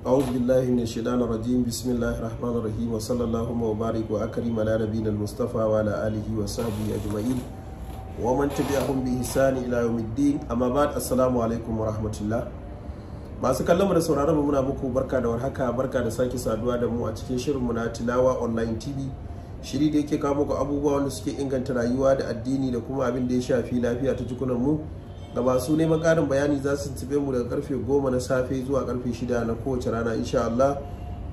أعوذ بالله من الشيطان الرجيم بسم الله الرحمن الرحيم وصلى اللهم وبارك وأكرم على نبينا المصطفى وعلى آله وصحبه أجمعين ومن تبعهم بإحسان إلى يوم الدين أما بعد السلام عليكم ورحمة الله masu kallon mu da sauraron mu muna muku barka da warhaka barka da sake saduwa da mu a cikin shirin mu na tilawa online tv shiri da yake kawo muku abubuwa wanda suke inganta rayuwa da addini da kuma abin da ya shafi lafiya ta jikunan mu ga masu neman ƙarin bayani za su tuntube mu daga karfe 10 na safe zuwa karfe 6 na kowace rana insha Allah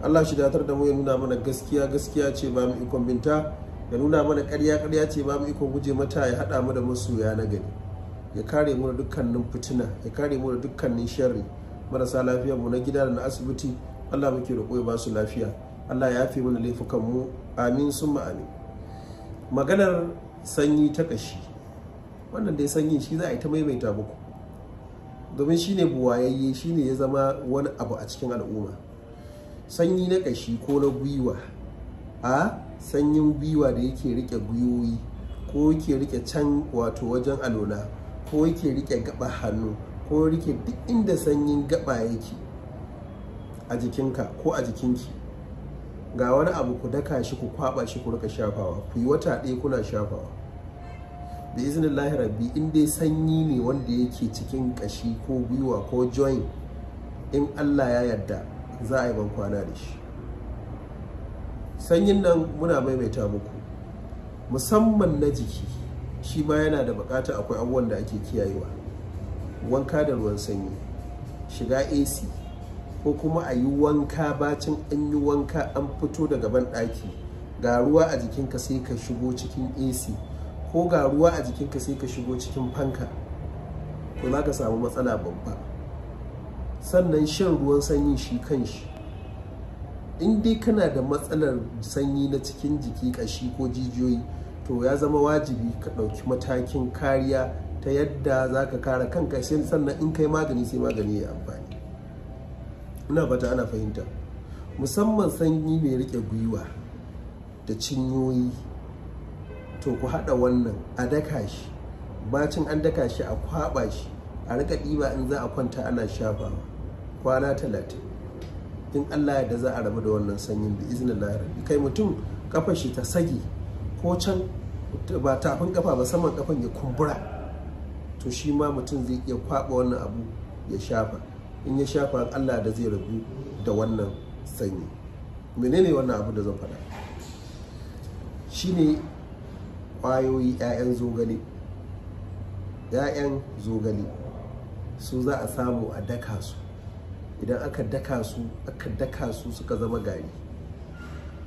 Allah shi datar da mu ya nuna mana gaskiya gaskiya ce ba mu ikon binta ya nuna mana ƙarya ƙarya ce ba mu ikon guje mata ya haɗa mu da masoya na gari ya kare mu da dukkanin fitina ya kare mu da dukkanin sharri marasa lafiyar mu na gida da na asibiti Allah muke roƙo ya ba su lafiya Allah ya yafe mana laifukan mu amin summa amin maganar sanyi ta ƙashi wannan dai sanyin shi za a yi ta maimaita muku domin shine buwayayye shine ya zama wani abu a cikin al'umma sanyi na ƙashi ko na gwiwa a sanyin gwiwa da yake rike gwiwoyi ko yake rike can wato wajen alona ko yake rike gaba hannu ko rike duk inda sanyin gaba yake a jikinka ko a jikinki ga wani abu ku daka shi ku kwaba shi ku rika shafawa ku yi wata ɗaya kuna shafawa da izinin rabbi in dai sanyi ne wanda yake cikin kashi ko gwiwa ko join in allah ya yarda za a yi ban da shi sanyin nan muna maimaita muku musamman na jiki shi ma yana da bukata akwai abubuwan da ake kiyayewa wanka da ruwan sanyi shiga ac ko kuma a yi wanka bacin an yi wanka an fito daga ban ɗaki ga ruwa a jikinka sai ka shigo cikin ac ko ga ruwa a jikinka sai ka shigo cikin fanka to za ka samu matsala babba sannan shan ruwan sanyi shi kan shi in dai kana da matsalar sanyi na cikin jiki kashi ko jijiyoyi to ya zama wajibi ka ɗauki matakin kariya ta yadda za ka kare kanka sai sannan in kai magani sai magani ya amfani ina fata ana fahimta musamman sanyi mai riƙe gwiwa da cinyoyi to ku haɗa wannan a daka shi bacin an daka shi a kwaɓa shi a rika ɗiba in za a kwanta ana shafa kwana talatin in allah da za a rabu da wannan sanyin da izinin larabi kai mutum kafa shi ta sagi ko can ba tafin kafa ba saman kafan ya kumbura to shi ma mutum zai iya kwaɓa wannan abu ya shafa in ya shafa allah da zai rabu da wannan sanyi menene wannan abu da zan faɗa shine ƙwayoyi 'ya'yan zogale ‘ya'yan zogale su za a samu a daka su idan aka daka su aka daka su suka zama gari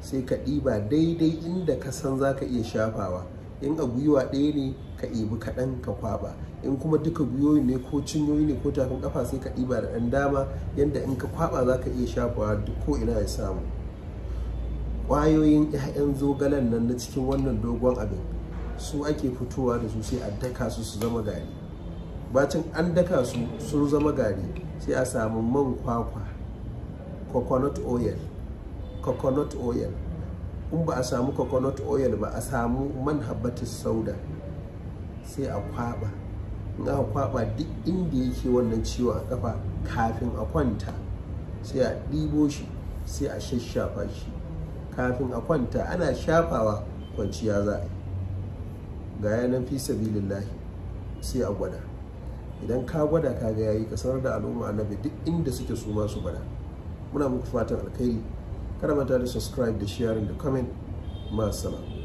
sai ka ɗiba daidai inda ka san za ka iya shafawa in a gwiwa ɗaya ne ka ɗibi kaɗan ka kwaba, in kuma duka gwiwoyi ne ko cinyoyi ne ko tafin kafa sai ka ɗiba da ɗan dama yadda in ka kwaba za ka iya shafawa duk ko ina ya samu ƙwayoyin 'ya'yan zogalen nan na cikin wannan dogon abin su ake fitowa da su sai a daka su su zama gari bacin an daka su sun zama gari sai a samu man kwakwa coconut oil coconut oil in ba a samu coconut oil ba a samu man habbatus sauda sai a kwaba in aka kwaba duk inda yake wannan ciwon a kafa kafin a kwanta sai a ɗibo shi sai a shashafa shi kafin a kwanta ana shafawa kwanciya za a yi ga yanan fi sabilillahi sai a gwada idan ka gwada ka ga yayi ka sanar da al'umma annabi duk inda suke su ma su gwada muna muku fatan alkhairi kada manta da subscribe da sharing da comment ma salam